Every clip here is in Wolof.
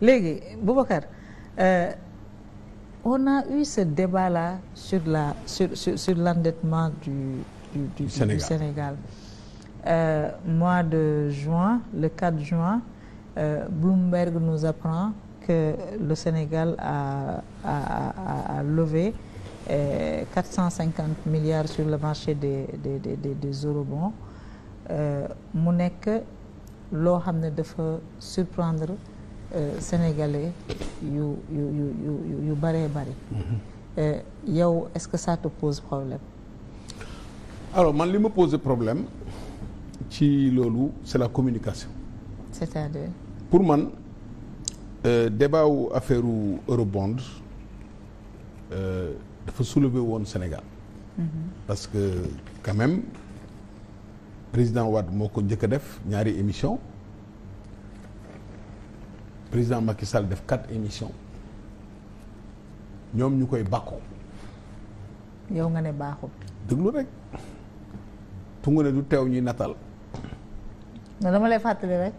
léegi Boubacar euh, on a eu ce débat là sur la sur sur, sur l'endettement du Sénégal, du euh, mois de juin le 4 juin euh, Bloomberg nous apprend que le Sénégal a a a, a levé 450 euh, milliards sur le marché des des des des, des eurobonds mu nekk loo xam ne dafa surprendre. Euh, sénégalais yu yu yu yu yu bëree bëri. Euh, yow est-ce que ça pose problème. alors man li ma pose problème ci loolu c'est la communication. c'est-à-dire. pour man euh, débat wu affaire u eurobond euh, dafa soulever woon Sénégal. Mm-hmm. parce que quand même président Wade moo ko njëkk a def ñaari émission président Macky Sall def quatre émissions ñoom ñu koy bàkkoo yow nga ne baaxul. déglu rek tungu ne du teew ñuy natal. non dama lay fàttali rek.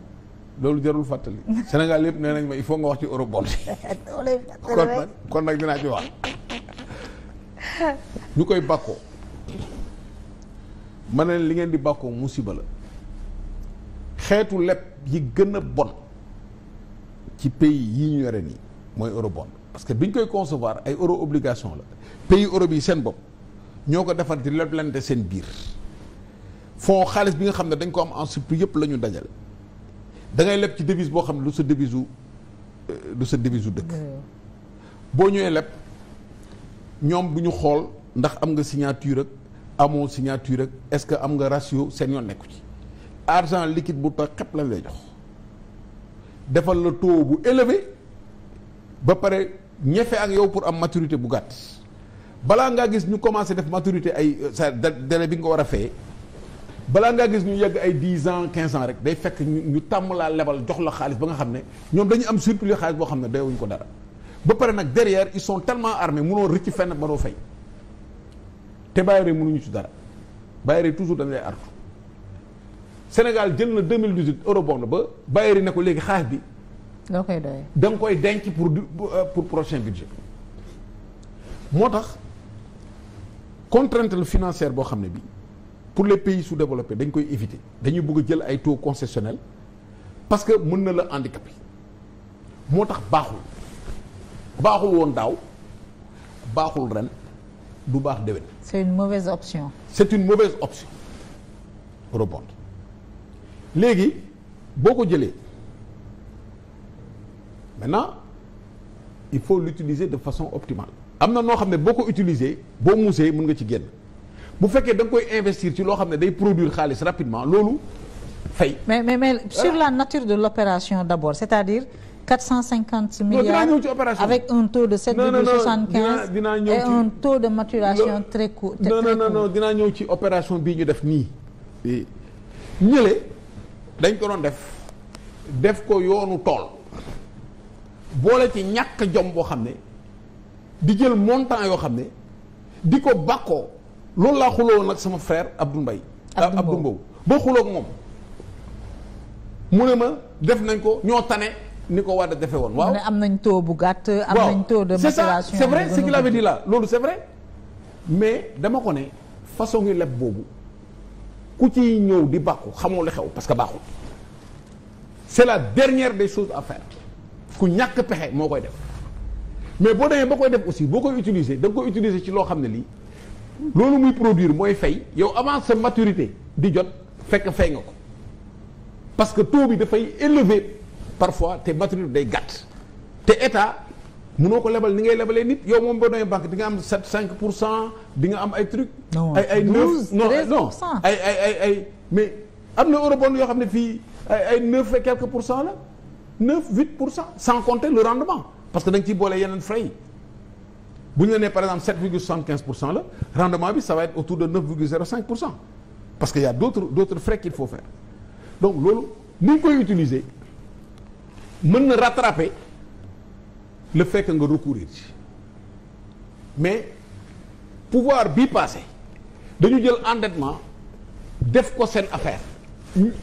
loolu jarul fàttali. senegal yëpp nee nañ ma il faut nga wax ci eurobond. kon nag kon nag dinaa ci wax. ñu koy bàkkoo ma ne li ngeen di bàkkoo musiba la xeetu leb yi gën a bon. ci pays yi ñu yore nii mooy eurobond parce que bi ñu koy concevoir ay euro obligation la pays Europe yi seen bopp ñoo ko defar di leblante seen biir fonds xaalis bi nga xam ne dañ ko am en surplus yëpp la ñu dajale dangay leb ci devise boo xam ne du sa devise u euh, du sa devise u dëkk boo ñëwee leb ñoom bu ñu xool ndax am nga signature ak amoo signature ak est-ce que am nga ratio seen yoon nekku ci argent liquide bu tax xepp lañ lay jox defal la taux bu élevé ba pare ñefe ak yow pour am maturité bu gàtt balaa ngaa gis ñu commencé def maturité ay euh, sa délai bi nga war a fee balaa ngaa gis ñu yegg ay dix ans quinze ans rek day fekk ñu tàmm laa lebal jox la xaalis ba nga xam ne ñoom dañu am surplus xaalis boo xam ne day wuñ ko dara ba pare nag derrière ils sont tellement armés mënoo rëcc fenn mënoo fay te bàyyi rek mënuñu ci dara bàyyi rek toujours dañ lay artu Sénégal jël na 2018 eurobond ba Bayeeri na ko léegi xaalis bi. doo koy doyee da nga koy denc pour pour prochain budget moo tax contrainte la financière boo xam ne bi pour les pays sous-développés dañ koy éviter dañuy bëgg a jël ay taux concessionnels parce que mën na la handicapé moo tax baaxul baaxul woon daaw baaxul ren du baax déwén. c'est une mauvaise option. c'est une mauvaise option eurobond. léegi boo ko jëlee maintenant il faut l'utiliser de façon optimale am na noo xam ne boo ko utiliser boo muusee mun nga ci génn bu fekkee da nga koy investir ci loo xam ne day produire xaalis rapidement loolu fay. mais mais mais sur la nature de l'opération d'abord c'est-à-dire. 450 milliards avec un taux de 7,75 dinaa ñëw ci et un taux de maturation très court. non non non dinaa ñëw ci opération bii ñu def nii ñële dañ ko doon def def ko yoonu tool boole ci ñàkk jom boo xam ne di jël montant yoo xam ne di ko bàkkoo loolu laa woon nag sama frère Abdou Mbaye Abdou ah, Mbow boo xuloo ak moom mu ne ma def nañ ko ñoo tane ni ko war a defee woon waaw am nañ taux bu gàtt am nañ taux de maturation c'est ça c'est vrai ce qu'il avait dit loolu c'est vrai mais dama ko ne façon ngi leb boobu ku ci ñëw di bàkku xamoo la xew parce que baaxul c'est la dernière de choses à faire ku ñàkk pexe moo koy def mais boo demee ba koy def aussi boo koy utiliser da nga koy utiliser ci loo xam ne lii loolu muy produire mooy fay yow avant sa maturité di jot fekk fay nga ko parce que taux bi dafay élevé parfois te maturité day gàtt te état mënoo ko lebal ni ngay lebalee nit yow moom boo demee banque di nga am 7 5 pour nga am ay truc ay ay 9 non non ay ay ay am na eurobond yoo xam ne fii ay ay 9 et pour cent la 9 8 pour cent sans rendement parce que da nga ciy boole yeneen frais bu ñu nee par exemple 7 virgule 75 pour cent la rendement bi ça va être autour de 9 virgule 05 parce que y a d'autres d'autres frais qu'il faut faire donc loolu ni ñu koy utiliser mën na rattraper. le fekk nga recourir ci mais pouvoir bii passé dañu jël endettement def ko seen affaire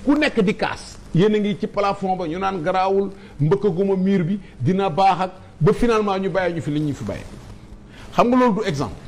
ku nekk di kaas yéen a ngi ci plafond ba ñu naan garaawul mbëkkaguma miir bi dina baax ak ba finalement ñu bàyyi ñu fi li ñu fi bàyyi xam nga loolu du exemple